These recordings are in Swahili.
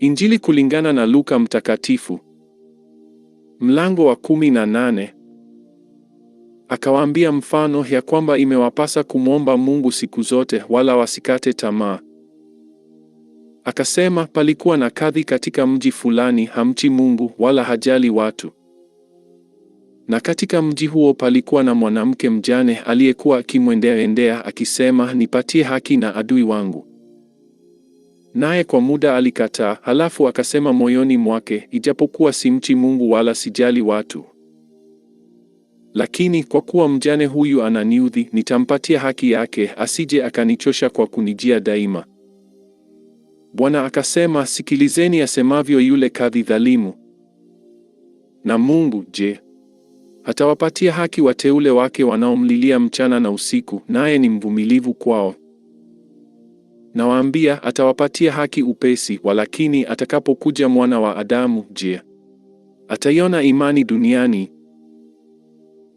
Injili kulingana na Luka Mtakatifu, mlango wa kumi na nane. Akawaambia mfano ya kwamba imewapasa kumwomba Mungu siku zote, wala wasikate tamaa. Akasema, palikuwa na kadhi katika mji fulani, hamchi Mungu wala hajali watu. Na katika mji huo palikuwa na mwanamke mjane aliyekuwa akimwendea endea akisema, nipatie haki na adui wangu. Naye kwa muda alikataa, halafu akasema moyoni mwake, ijapokuwa simchi Mungu wala sijali watu, lakini kwa kuwa mjane huyu ananiudhi, nitampatia haki yake, asije akanichosha kwa kunijia daima. Bwana akasema, sikilizeni asemavyo yule kadhi dhalimu. Na Mungu je, atawapatia haki wateule wake wanaomlilia mchana na usiku, naye ni mvumilivu kwao? Nawaambia, atawapatia haki upesi. Walakini atakapokuja mwana wa Adamu, je, ataiona imani duniani?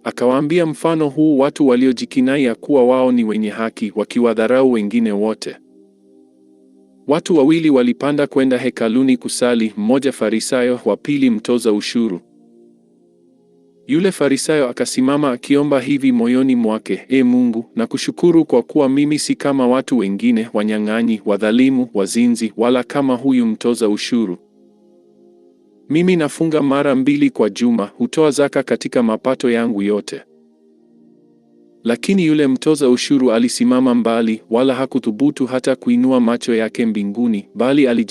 Akawaambia mfano huu watu waliojikinai ya kuwa wao ni wenye haki, wakiwadharau wengine wote. Watu wawili walipanda kwenda hekaluni kusali, mmoja Farisayo, wa pili mtoza ushuru. Yule Farisayo akasimama akiomba hivi moyoni mwake, E Mungu, na kushukuru kwa kuwa mimi si kama watu wengine, wanyang'anyi, wadhalimu, wazinzi, wala kama huyu mtoza ushuru. Mimi nafunga mara mbili kwa juma, hutoa zaka katika mapato yangu yote. Lakini yule mtoza ushuru alisimama mbali, wala hakuthubutu hata kuinua macho yake mbinguni, bali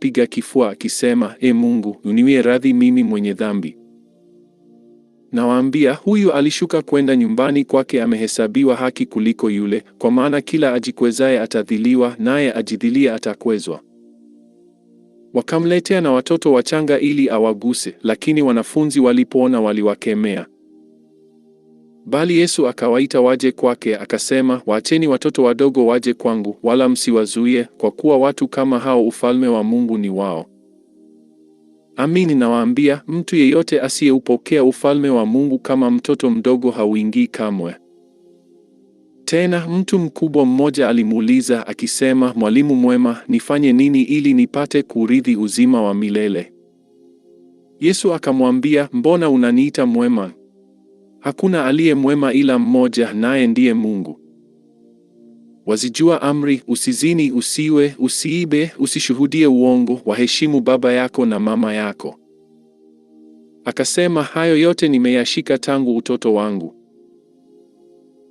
piga kifua akisema, E Mungu, uniwie radhi mimi mwenye dhambi. Nawaambia, huyu alishuka kwenda nyumbani kwake amehesabiwa haki kuliko yule, kwa maana kila ajikwezaye atadhiliwa, naye ajidhilia atakwezwa. Wakamletea na watoto wachanga ili awaguse, lakini wanafunzi walipoona waliwakemea. Bali Yesu akawaita waje kwake, akasema, waacheni watoto wadogo waje kwangu, wala msiwazuie, kwa kuwa watu kama hao ufalme wa Mungu ni wao. Amini nawaambia, mtu yeyote asiyeupokea ufalme wa Mungu kama mtoto mdogo hauingii kamwe. Tena mtu mkubwa mmoja alimuuliza akisema, Mwalimu mwema, nifanye nini ili nipate kurithi uzima wa milele? Yesu akamwambia, mbona unaniita mwema? Hakuna aliye mwema ila mmoja, naye ndiye Mungu. Wazijua amri: usizini, usiwe, usiibe, usishuhudie uongo, waheshimu baba yako na mama yako. Akasema, hayo yote nimeyashika tangu utoto wangu.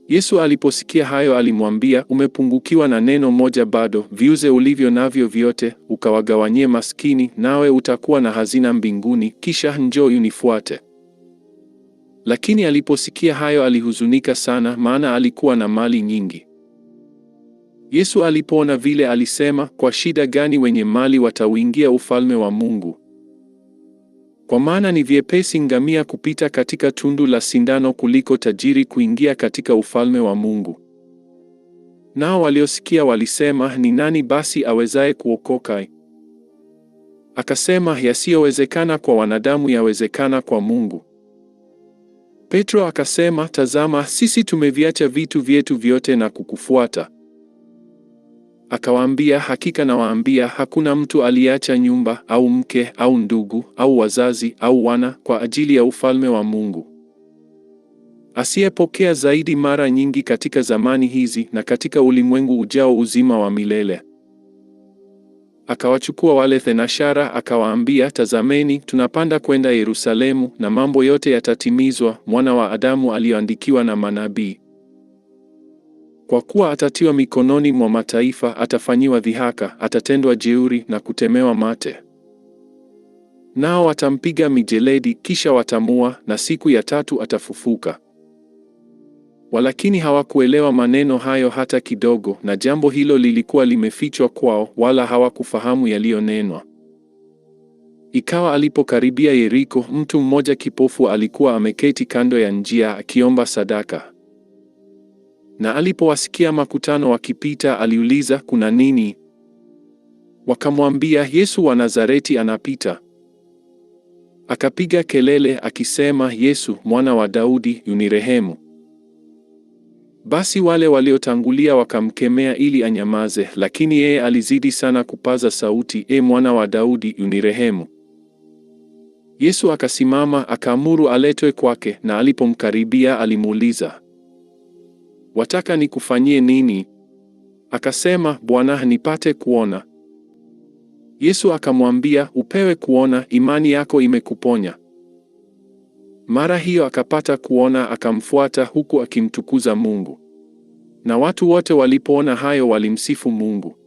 Yesu aliposikia hayo alimwambia, umepungukiwa na neno moja bado, viuze ulivyo navyo vyote, ukawagawanyie maskini, nawe utakuwa na hazina mbinguni, kisha njoo unifuate. Lakini aliposikia hayo alihuzunika sana, maana alikuwa na mali nyingi. Yesu alipoona vile alisema, kwa shida gani wenye mali watauingia ufalme wa Mungu? Kwa maana ni vyepesi ngamia kupita katika tundu la sindano kuliko tajiri kuingia katika ufalme wa Mungu. Nao waliosikia walisema, ni nani basi awezaye kuokoka? Akasema, yasiyowezekana kwa wanadamu yawezekana kwa Mungu. Petro akasema, tazama, sisi tumeviacha vitu vyetu vyote na kukufuata. Akawaambia, hakika nawaambia, hakuna mtu aliacha nyumba au mke au ndugu au wazazi au wana kwa ajili ya ufalme wa Mungu asiyepokea zaidi mara nyingi katika zamani hizi na katika ulimwengu ujao uzima wa milele. Akawachukua wale thenashara akawaambia, tazameni, tunapanda kwenda Yerusalemu, na mambo yote yatatimizwa, mwana wa Adamu aliyoandikiwa na manabii. Kwa kuwa atatiwa mikononi mwa mataifa, atafanyiwa dhihaka, atatendwa jeuri na kutemewa mate. Nao watampiga mijeledi, kisha watamua, na siku ya tatu atafufuka. Walakini hawakuelewa maneno hayo hata kidogo, na jambo hilo lilikuwa limefichwa kwao, wala hawakufahamu yaliyonenwa. Ikawa alipokaribia Yeriko, mtu mmoja kipofu alikuwa ameketi kando ya njia akiomba sadaka na alipowasikia makutano wakipita, aliuliza kuna nini? Wakamwambia, Yesu wa Nazareti anapita. Akapiga kelele akisema, Yesu mwana wa Daudi, unirehemu. Basi wale waliotangulia wakamkemea ili anyamaze, lakini yeye alizidi sana kupaza sauti, E mwana wa Daudi, unirehemu. Yesu akasimama, akaamuru aletwe kwake, na alipomkaribia alimuuliza, wataka nikufanyie nini? Akasema, Bwana, nipate kuona. Yesu akamwambia, upewe kuona, imani yako imekuponya. Mara hiyo akapata kuona, akamfuata huku akimtukuza Mungu. Na watu wote walipoona hayo walimsifu Mungu.